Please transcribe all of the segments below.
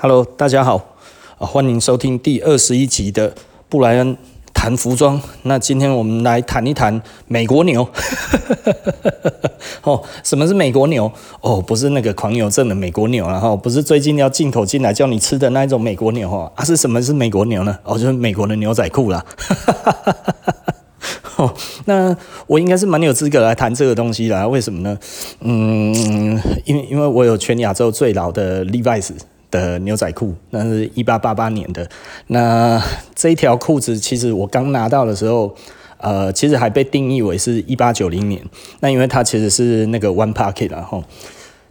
Hello，大家好，哦，歡迎收聽第二十一集的布萊恩談服裝。那今天我們來談一談美國牛， 哦，什麼是美國牛？哦，不是那個狂牛症的美國牛，然、哦、後不是最近要進口進來叫你吃的那一種美國牛啊，是、啊、什麼是美國牛呢？哦，就是美國的牛仔褲啦，哈， 哦，那我應該是蠻有資格來談這個東西啦。為什麼呢？嗯，因為因為我有全亞洲最老的 Levi's。的牛仔褲，那是一八八八年的。那這一條褲子其實我剛拿到的時候，呃，其實還被定義為是一八九零年、嗯。那因為它其實是那個 one pocket，然後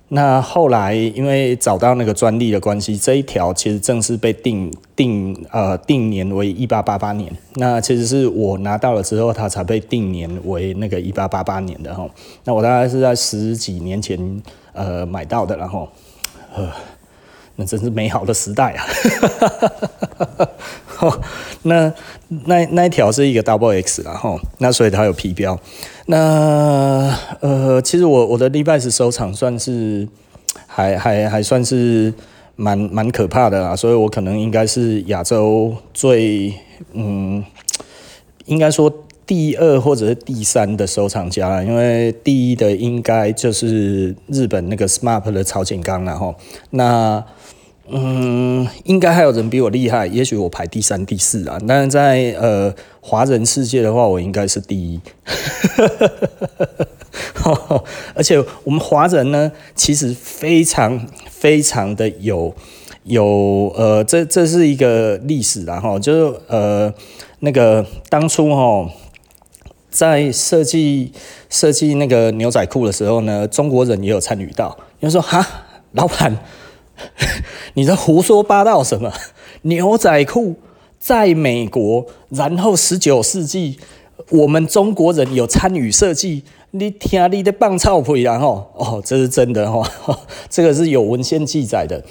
那後來因為找到那個專利的關係，這一條其實正式被定定呃定年為一八八八年。那其實是我拿到了之後，它才被定年為那個一八八八年的。哈，那我大概是在十幾年前呃買到的，然後呃。那真是美好的時代啊 那！那那那一條是一個 Double X，然後那所以它有皮標。那呃，其實我我的 Levi's 收藏算是還還還算是蠻蠻可怕的啦，所以我可能應該是亞洲最嗯，應該說。第二或者是第三的收藏家，因為第一的應該就是日本那個 SMAP 的草彅剛了哈。那嗯，應該還有人比我厲害，也許我排第三、第四啊。但在呃華人世界的話，我應該是第一，哈哈哈哈哈哈。而且我們華人呢，其實非常非常的有有呃，這這是一個歷史，然後就是呃那個當初哈。在設計設計那個牛仔褲的時候呢，中國人也有參與到。你說哈，老闆，你在胡說八道什麼？牛仔褲在美國，然後十九世紀，我們中國人有參與設計。你聽你的棒操會，然後哦，這是真的哦，這個是有文獻記載的。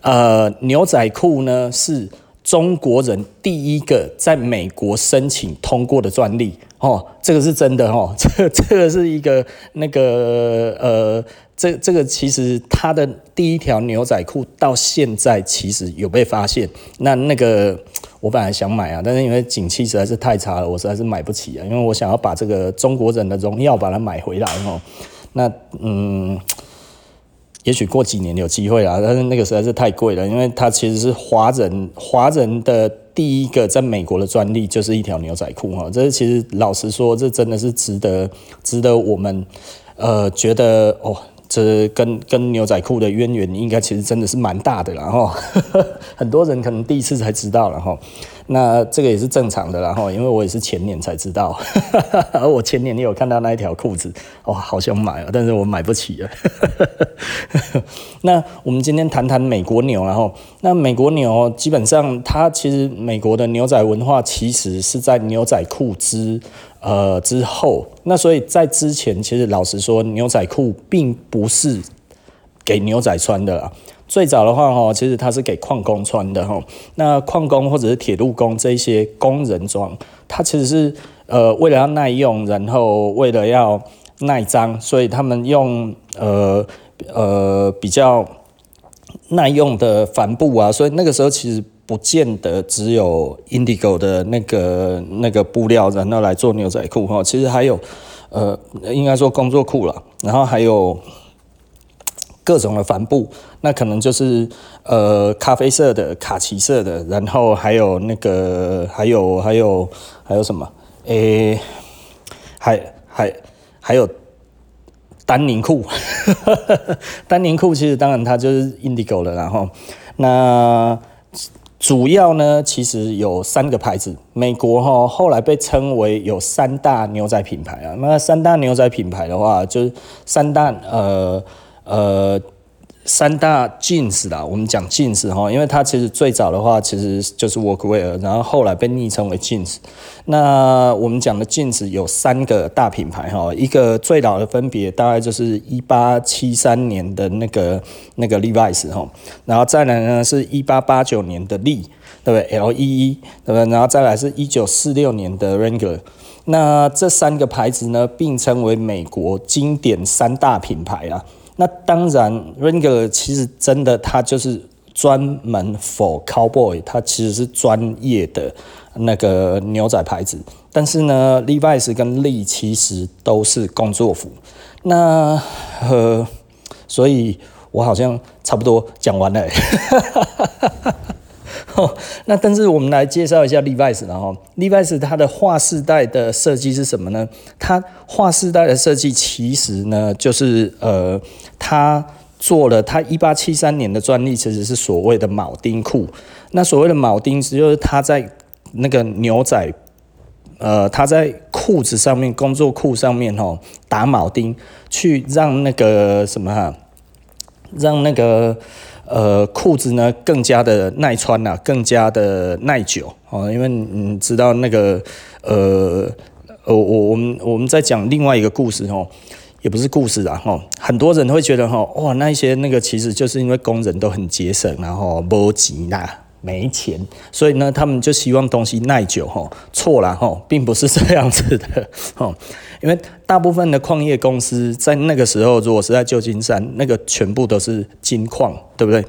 呃，牛仔褲呢是。中國人第一個在美國申請通過的專利，哦，這個是真的哦，這個這個是一個那個呃，這個這個其實他的第一條牛仔褲到現在其實有被發現，那那個我本來想買啊，但是因為景氣實在是太差了，我實在是買不起啊，因為我想要把這個中國人的榮耀把它買回來哦，那嗯。也許過幾年有機會啦，但是那個實在是太貴了，因為它其實是華人華人的第一個在美國的專利，就是一條牛仔褲。這其實老實說，這真的是值得，值得我們，呃，覺得哦。這跟跟牛仔褲的淵源應該其實真的是蠻大的啦，然。 很多人可能第一次才知道了哈。那這個也是正常的，然哈，因為我也是前年才知道， 我前年也有看到那一條褲子，哇、哦，好想買啊，但是我買不起了。 那我們今天談談美國牛啦，然後那美國牛基本上它其實美國的牛仔文化其實是在牛仔褲之。呃，之後，那所以在之前，其實老實說，牛仔褲並不是給牛仔穿的啊。最早的話，其實它是給礦工穿的。那礦工或者是鐵路工這些工人裝，它其實是呃，為了要耐用，然後為了要耐髒，所以他們用呃呃比較耐用的帆布啊。所以那個時候其實。不見得只有 indigo 的那個那個布料，然後來做牛仔褲哈。其實還有，呃，應該說工作褲了，然後還有各種的帆布。那可能就是呃咖啡色的、卡其色的，然後還有那個，還有還有還有什麼？誒，還還還有丹寧褲，哈哈，丹寧褲其實當然它就是 indigo 的，然後那。主要呢，其實有三個牌子。美國哈，後來被稱為有三大牛仔品牌啊。那三大牛仔品牌的話，就是三大呃呃。呃三大 Jeans 啦，我們講 Jeans 哈，因為它其實最早的話，其實就是 Workwear，然後後來被昵稱為 Jeans。那我們講的 Jeans 有三個大品牌哈，一個最老的分別大概就是一八七三年的那個那個 Levis 哈，然後再來呢是一八八九年的 Lee 對不對？L E E 對不對？然後再來是一九四六年的 Wrangler。那這三個牌子呢並稱為美國經典三大品牌啊。那當然 Wrangler 其實真的，它就是專門 for cowboy，它其實是專業的那個牛仔牌子。但是呢，Levi's 跟 Lee 其實都是工作服。那呃，所以我好像差不多講完了，欸。 哦、那但是我們來介紹一下 Levi's，然後 Levi's 它的劃時代的設計是什麼呢？它劃時代的設計其實呢，就是呃，它做了它一八七三年的專利其實是所謂的鉚釘褲。那所謂的鉚釘就是它在那個牛仔呃，它在褲子上面，工作褲上面，哦、打鉚釘，去讓那個什麼哈、啊，讓那個。呃，褲子呢，更加的耐穿啦，更加的耐久哦。因為你知道那個呃，我我，我們我們在講另外一個故事哦，也不是故事啊，很多人會覺得哇，那一些那個其實就是因為工人都很節省，然後沒錢啦。沒錢，所以呢，他們就希望東西耐久，吼、哦，錯了，吼、哦，並不是這樣子的，吼、哦，因為大部分的礦業公司在那個時候，如果是在舊金山，那個全部都是金礦，對不對？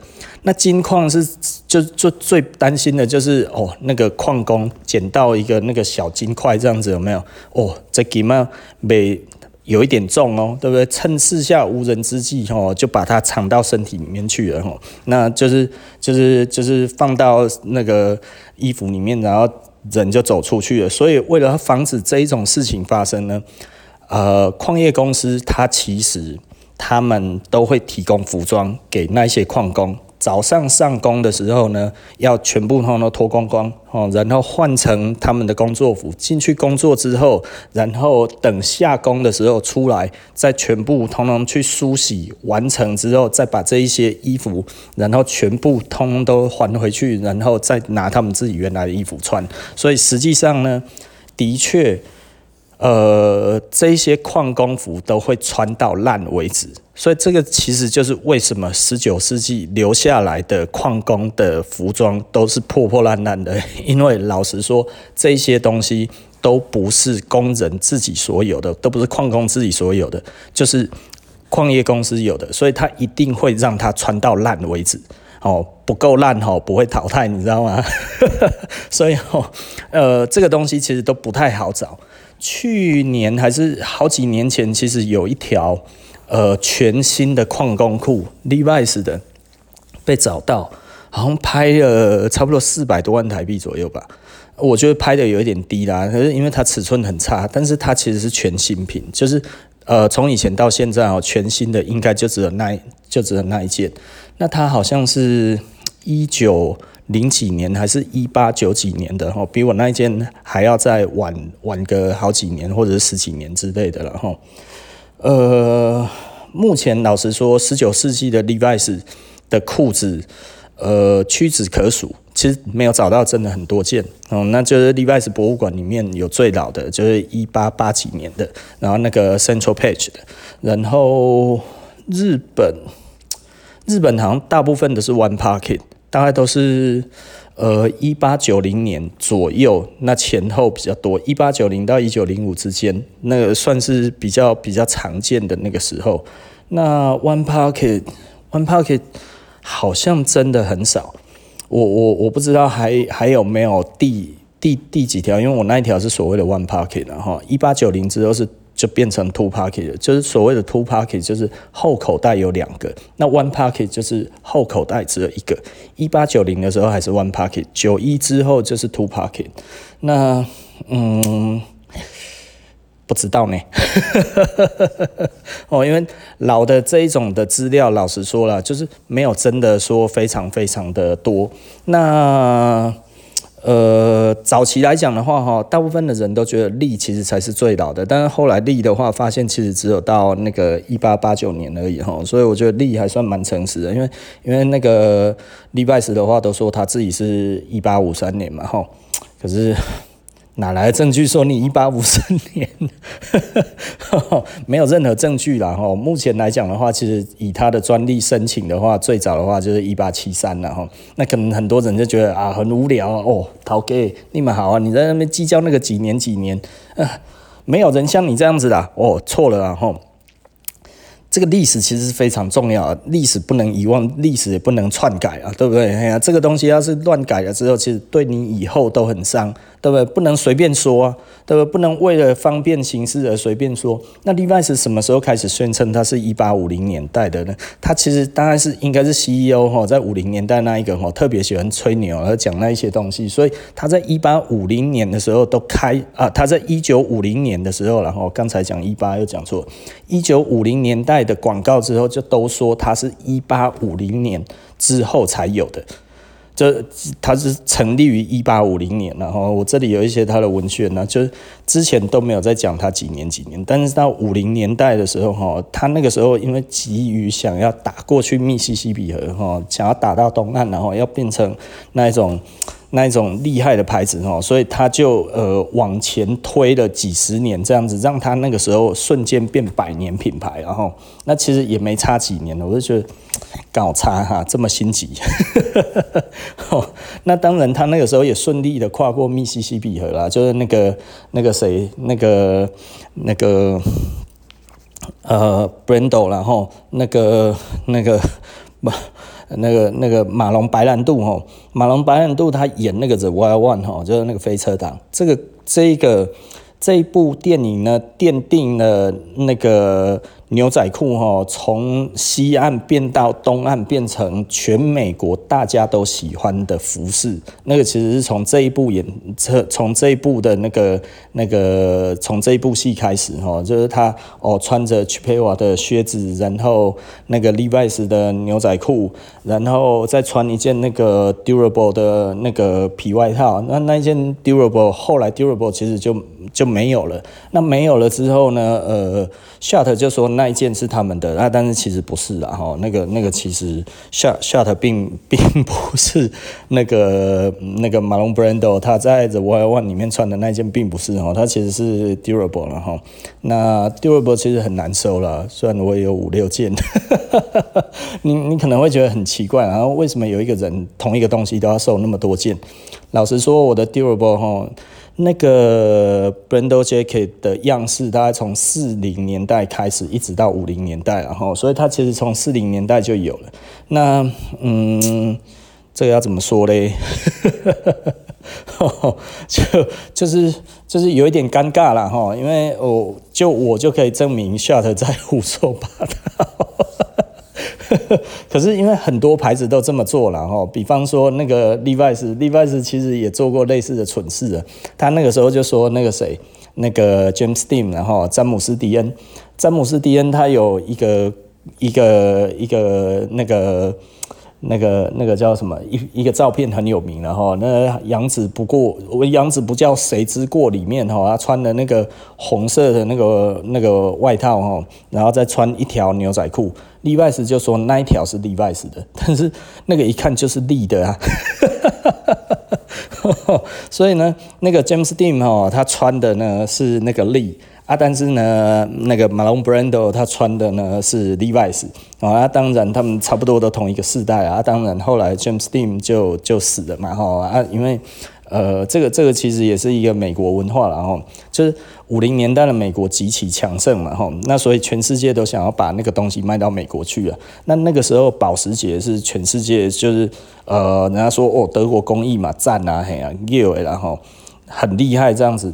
那金礦是就就最擔心的就是哦，那個礦工撿到一個那個小金塊這樣子，有沒有？哦，這給嗎？沒。有一點重，哦，對不對？趁四下無人之際，哦，就把它藏到身體裡面去了，吼，那就是就是就是放到那個衣服裡面，然後人就走出去了。所以為了防止這一種事情發生呢，呃，礦業公司它其實他們都會提供服裝給那些礦工。早上上工的時候呢，要全部通通脫光光哦，然後換成他們的工作服進去工作之後，然後等下工的時候出來，再全部通通去梳洗完成之後，再把這一些衣服，然後全部通通都還回去，然後再拿他們自己原來的衣服穿。所以實際上呢，的確。呃，這一些礦工服都會穿到爛為止，所以這個其實就是為什麼十九世紀留下來的礦工的服裝都是破破爛爛的。因為老實說，這些東西都不是工人自己所有的，都不是礦工自己所有的，就是礦業公司有的，所以它一定會讓它穿到爛為止。哦，不夠爛哦，不會淘汰，你知道嗎？ 所以，呃，這個東西其實都不太好找。去年還是好幾年前，其實有一條，呃，全新的礦工褲，Levi's 的，被找到，好像拍了差不多四百多萬台幣左右吧。我覺得拍的有一點低啦，可是因為它尺寸很差，但是它其實是全新品，就是，呃，從以前到現在哦，全新的應該就只有那，就只有那一件。那它好像是一九零幾年還是一八九幾年的比我那一件還要再晚晚個好幾年或者十幾年之類的了，呃，目前老實說，十九世紀的 Levis 的褲子，呃，屈指可數，其實沒有找到真的很多件。那就是 Levis 博物館裡面有最老的就是一八八幾年的，然後那個 Central Page 的，然後日本日本好像大部分都是 One Pocket。大概都是，呃，一八九零年左右，那前後比較多，一八九零到一九零五之間，那個算是比較比較常見的那個時候。那 one pocket one pocket 好像真的很少，我我我不知道還還有沒有第第第幾條，因為我那一條是所謂的 one pocket 然後一八九零之後是。就變成 two pocket 了，就是所謂的 two pocket 就是後口袋有兩個，那 one pocket 就是後口袋只有一個。一八九零的時候還是 one pocket，九一之後就是 two pocket。那嗯，不知道呢。 哦，因為老的這一種的資料，老實說啦，就是沒有真的說非常非常的多。那呃，早期來講的話，哈，大部分的人都覺得 Lee 其實才是最老的，但是後來 Lee 的話，發現其實只有到那個一八八九年而已，哈，所以我覺得 Lee 還算蠻誠實的，因為因為那個 Levi's 的話都說他自己是一八五三年嘛，哈，可是。哪來的證據說你一八五三年？ 沒有任何證據了哈。目前來講的話，其實以他的專利申請的話，最早的話就是一八七三了哈。那可能很多人就覺得啊，很無聊哦，陶哥，你們好啊，你在那邊計較那個幾年幾年，啊，沒有人像你這樣子的哦，錯了啊哈。哦這個歷史其實是非常重要啊，歷史不能遺忘，歷史也不能篡改啊，對不對？哎呀，這個東西要是亂改了之後，其實對你以後都很傷，對不對？不能隨便說啊，對不對？不能為了方便行事而隨便說。那李萬是什麼時候開始宣稱他是一八五零年代的呢？他其實大概是應該是 CEO 哈，在五零年代那一個哈，特別喜歡吹牛而講那一些東西，所以他在一八五零年的時候都開啊，他在一九五零年的時候，然後剛才講一八又講錯，一九五零年代。的廣告之後就都說它是一八五零年之後才有的，這它是成立於一八五零年，然後我這裡有一些它的文學呢，就之前都沒有在講它幾年幾年，但是到五零年代的時候哈，它那個時候因為急於想要打過去密西西比河哈，想要打到東岸，然後要變成那一種。那一種厲害的牌子哦，所以他就呃往前推了幾十年，這樣子讓他那個時候瞬間變百年品牌。然後那其實也沒差幾年，我就覺得搞差哈、啊，這麼心急。 那當然他那個時候也順利的跨過密西西比河了，就是那個那個誰那個那個呃 Brando，然後那個、呃、那個、那個那個、那個馬龍白蘭度、喔、馬龍白蘭度他演那個 The Wild One、喔，就是那個飛車黨。這個、這一個、這一部電影呢，奠定了那個。牛仔褲哈、喔，從西岸變到東岸，變成全美國大家都喜歡的服飾。那個其實是從這一部演，這從這一部的那個那個，從這一部戲開始哈、喔，就是他哦、喔，穿着 Chippewa 的靴子，然後那個 Levi's 的牛仔褲，然後再穿一件那個 Durable 的那個皮外套。那那一件 Durable 後來 Durable 其實就就沒有了。那沒有了之後呢，呃，Shirt 就說。那一件是他們的那，啊，但是其實不是啊，那個那個其實 Schott Schott 並並不是那個那個馬龍布蘭德，他在 The Wild One 裡面穿的那一件並不是哦，他其實是 Durable 了哈。那 Durable 其實很難收了，雖然我也有五六件， 你你可能會覺得很奇怪，然後為什麼有一個人同一個東西都要收那麼多件？老實說，我的 Durable 哈。那個 Brendel jacket 的樣式，大概從四零年代開始，一直到五零年代，然後，所以它其實從四零年代就有了。那，嗯，這個要怎麼說嘞？ 就就是就是有一點尷尬了哈，因為我就我就可以證明 Shot 在胡說八道。 可是因為很多牌子都這麼做了，比方說那個 Levi's，Levi's 其實也做過類似的蠢事啊。他那個時候就說那個誰，那個 James Dean 然後詹姆斯·迪恩，詹姆斯·迪恩他有一個一個一個，一個那個。那個那個叫什麼一一個照片很有名了哈、喔，那養子不教我養子不教誰之過裡面哈、喔，他穿的那個紅色的那個那個外套哈、喔，然後再穿一條牛仔褲，Levis 就說那一條是 Levis 的，但是那個一看就是 Lee 的啊，哈哈哈，哈哈，所以呢，那個 James Dean 哈、喔，他穿的呢是那個 Lee。啊，但是呢，那個馬龍布蘭德他穿的呢是 Levis 啊。啊，當然，他們差不多都同一個時代啊，啊。當然，後來詹姆斯蒂姆就就死了嘛，吼啊，因為呃，這個這個其實也是一個美國文化了，吼，就是五零年代的美國極其強盛嘛，吼，那所以全世界都想要把那個東西賣到美國去啊。那那個時候，保時捷是全世界就是呃，人家說哦，德國工藝嘛，讚啊，嘿啊，然後很厲害這樣子。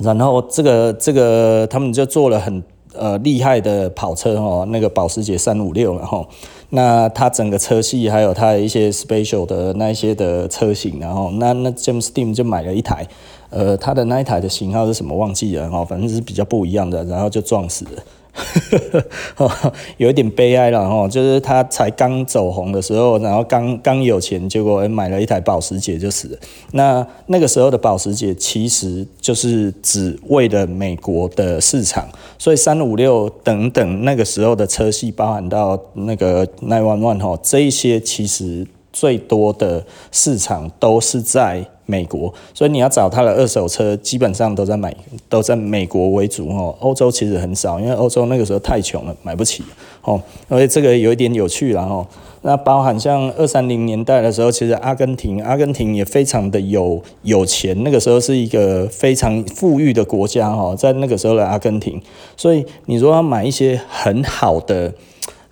然後這個這個他們就做了很呃厲害的跑車哦，那個保時捷356，然後那他整個車系還有他有一些 special 的那一些的車型，然後那那 James Dean 就買了一台，呃，他的那一台的型號是什麼忘記了，然後反正是比較不一樣的，然後就撞死了。呵呵，有一點悲哀了吼，就是他才剛走紅的時候，然後剛剛有錢，結果買了一台保時捷就死了。那那個時候的保時捷其實就是只為了美國的市場，所以三五六等等那個時候的車系，包含到那個 nine one one 哈，這一些其實最多的市場都是在。美國，所以你要找他的二手車，基本上都在買，都在美國為主哦。歐洲其實很少，因為歐洲那個時候太窮了，買不起哦。而且這個有一點有趣了哦。那包含像二三零年代的時候，其實阿根廷，阿根廷也非常的有有錢，那個時候是一個非常富裕的國家，在那個時候的阿根廷，所以你說要買一些很好的。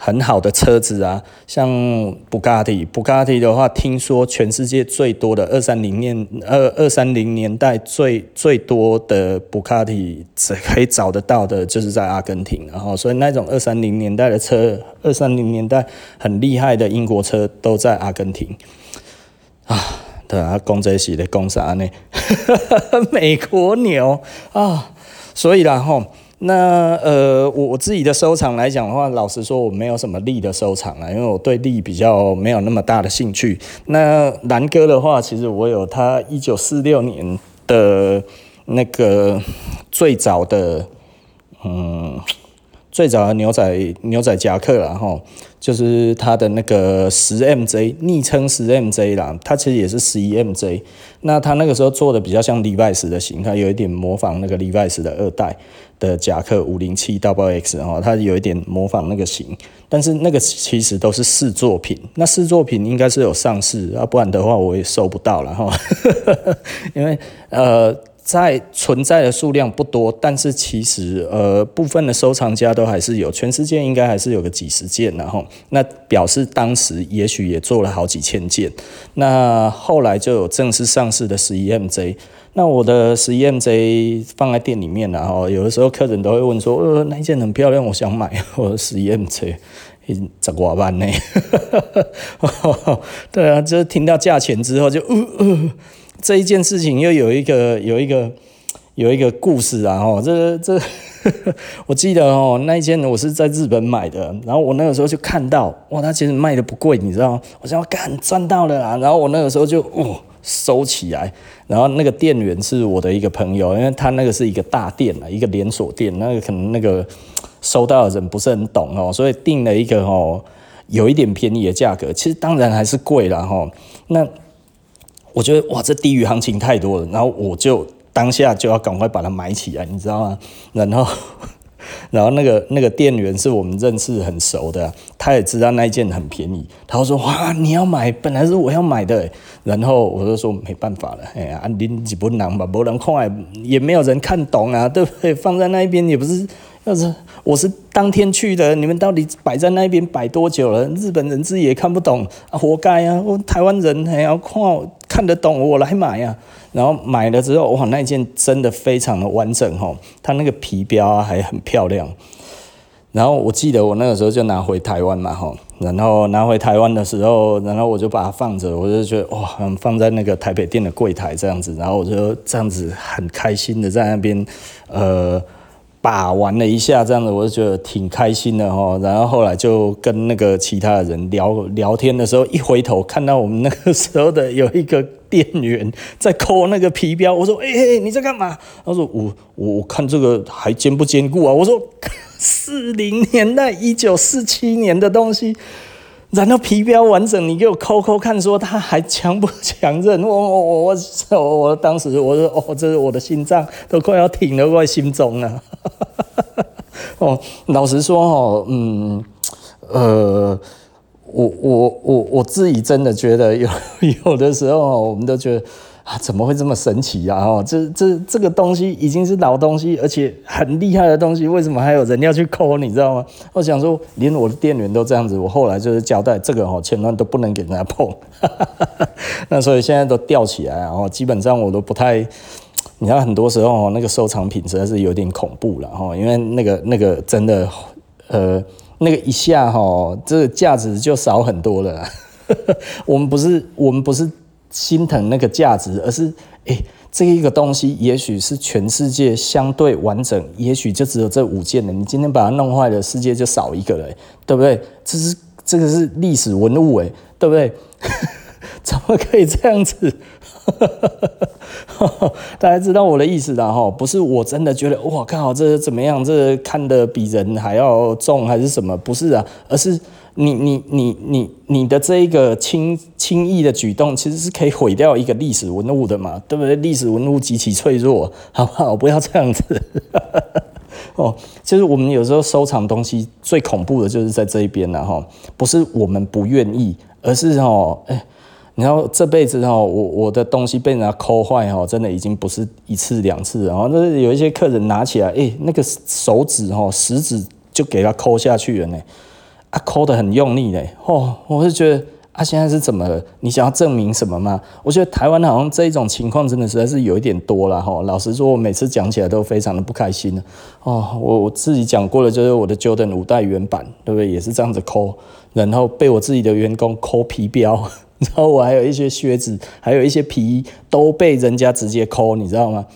很好的車子啊，像布卡迪，布卡迪的話，聽說全世界最多的二三零年二二三零年代最最多的布卡迪只可以找得到的就是在阿根廷，啊，然後所以那種二三零年代的車，二三零年代很厲害的英國車都在阿根廷，啊，對啊，公仔系列，公啥呢， 美國牛啊，所以然後。那呃，我自己的收藏來講的話，老實說，我沒有什麼利的收藏了，因為我對利比較沒有那麼大的興趣。那南哥的話，其實我有他一九四六年的那個最早的，嗯。最早的牛仔牛仔夾克了吼，就是它的那個十 MZ，昵稱十 MZ 啦，它其實也是十一 MZ。那它那個時候做的比較像李維斯的型，它有一點模仿那個李維斯的二代的夾克五零七 double x 哦，它有一點模仿那個型，但是那個其實都是試作品。那試作品應該是有上市啊，不然的話我也收不到了哈，因為呃。在存在的數量不多，但是其實呃，部分的收藏家都還是有，全世界應該還是有個幾十件、啊，然後那表示當時也許也做了好幾千件，那後來就有正式上市的十一 MJ，那我的十一 MJ 放在店裡面了、啊、後有的時候客人都會問說，呃，那件很漂亮，我想買，我的 11MJ, 十一 MJ，十幾萬呢，哈哈哈哈哈，對啊，就是聽到價錢之後就，呃,呃。這一件事情又有一個有一個有一個故事啊，哈，這這 我記得哦，那一件我是在日本買的，然後我那個時候就看到，哇，它其實賣得不貴，你知道嗎？我想要幹賺到了啦，然後我那個時候就哦收起來，然後那個店員是我的一個朋友，因為他那個是一個大店啊，一個連鎖店，那個可能那個收到的人不是很懂哦，所以定了一個哦有一點便宜的價格，其實當然還是貴了哈，那。我覺得哇，這低於行情太多了，然後我就當下就要趕快把它買起來，你知道嗎？然後，然後那個那個店員是我們認識很熟的、啊，他也知道那一件很便宜，他說哇，你要買？本來是我要買的、欸，然後我就說沒辦法了，哎、欸、呀、啊，你日本人吧，沒人看也沒有人看懂啊，對不對？放在那一邊也不是，要是我是當天去的，你們到底擺在那邊擺多久了？日本人自己也看不懂啊，活該啊！台灣欸、我台灣人還要看我。看得懂我來買呀、啊，然後買了之後，哇，那件真的非常的完整吼，它那個皮標啊還很漂亮。然後我記得我那個時候就拿回台灣嘛吼，然後拿回台灣的時候，然後我就把它放着，我就覺得哇，放在那個台北店的櫃檯這樣子，然後我就這樣子很開心的在那邊，呃。把玩了一下，這樣子我就覺得挺開心的。然後後來就跟那個其他的人聊聊天的時候，一回頭看到我們那個時候的有一個店員在摳那個皮標，我說：“哎嘿，你在幹嘛？”他說：“我我看這個還堅不堅固啊？”我說：“四零年代，一九四七年的東西。”然後皮標完整，你給我摳摳看，說他還強不強韌、哦？我我我我我，當時我說哦，這是我的心臟都快要停了，快心中了。哦，老實說、哦、嗯，呃，我我我我自己真的覺得有有的時候，我們都覺得。啊，怎麼會這麼神奇呀？啊？這、哦、這這個東西已經是老東西，而且很厲害的東西，為什麼還有人要去摳？你知道嗎？我想說，連我的店員都這樣子，我後來就是交代這個千、哦、萬都不能給人家碰。 那所以現在都吊起來啊，哦，基本上我都不太，你知道，很多時候哦，那個收藏品實在是有點恐怖了哈，哦，因為那個那個真的，呃，那個一下哈，哦，這個價值就少很多了。 我們不是，我們不是。心疼那個價值，而是哎、欸，這一個東西也許是全世界相對完整，也許就只有這五件了。你今天把它弄壞了，世界就少一個了、欸，對不對？這是這個是歷史文物、欸，誒，對不對？ 怎麼可以這樣子？ 大家知道我的意思的哈，不是我真的覺得，哇靠，這怎麼樣？這看得比人還要重還是什麼？不是啊，而是。你你你你你的這一個輕輕易的舉動，其實是可以毀掉一個歷史文物的嘛，對不對？歷史文物極其脆弱，好不好？不要這樣子。哦， 就是我們有時候收藏東西最恐怖的就是在這一邊了哈，不是我們不願意，而是哦，哎、欸，你要這輩子哦，我我的東西被人家摳壞哈，真的已經不是一次兩次了。然後那有一些客人拿起來，哎、欸，那個手指哈，食指就給他摳下去了呢。他摳得很用力嘞，哦，我是覺得啊，現在是怎麼了？你想要證明什麼嗎？我覺得台灣好像這種情況真的實在是有一點多了哈，哦。老實說，我每次講起來都非常的不開心的哦。我我自己講過的就是我的 Jordan 五代原版，對不對？也是這樣子摳，然後被我自己的員工摳皮標，然後我還有一些靴子，還有一些皮衣都被人家直接摳，你知道嗎？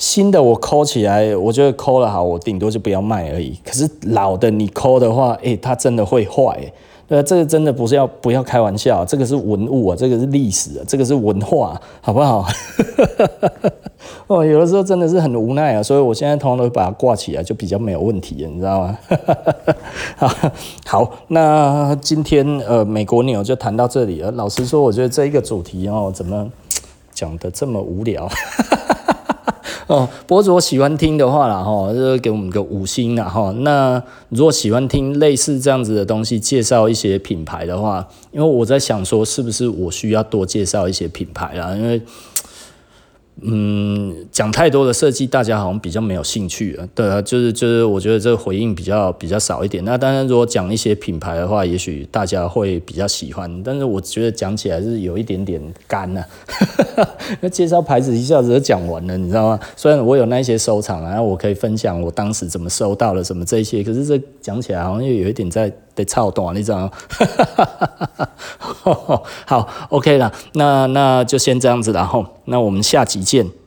新的我摳起來，我覺得摳了好，我頂多就不要賣而已。可是老的你摳的話，哎、欸，它真的會壞。對、啊，這個真的不是要不要開玩笑、啊？這個是文物啊，這個是歷史啊，這個是文化、啊，好不好？ 哦，有的時候真的是很無奈啊。所以我現在通常都會把它掛起來，就比較沒有問題，你知道嗎？ 好，好，那今天呃，美國牛就談到這裡了。老實說，我覺得這一個主題哦、喔，怎麼講得這麼無聊？ 哦，不過如果喜歡聽的話了哈，就是給我們個五星了哈。那如果喜歡聽類似這樣子的東西，介紹一些品牌的話，因為我在想說，是不是我需要多介紹一些品牌啊？因為。嗯，講太多的設計，大家好像比較沒有興趣啊。對啊，就是就是，我覺得這回應比較比較少一點。那當然，如果講一些品牌的話，也許大家會比較喜歡。但是我覺得講起來是有一點點乾啊。那 介紹牌子一下子就講完了，你知道嗎？雖然我有那些收藏，然後我可以分享我當時怎麼收到了什麼這些，可是這講起來好像又有一點在，會操蛋，你知道嗎？哈哈哈哈哈哈，好 OK 啦，那那就先這樣子，然後那我們下集見。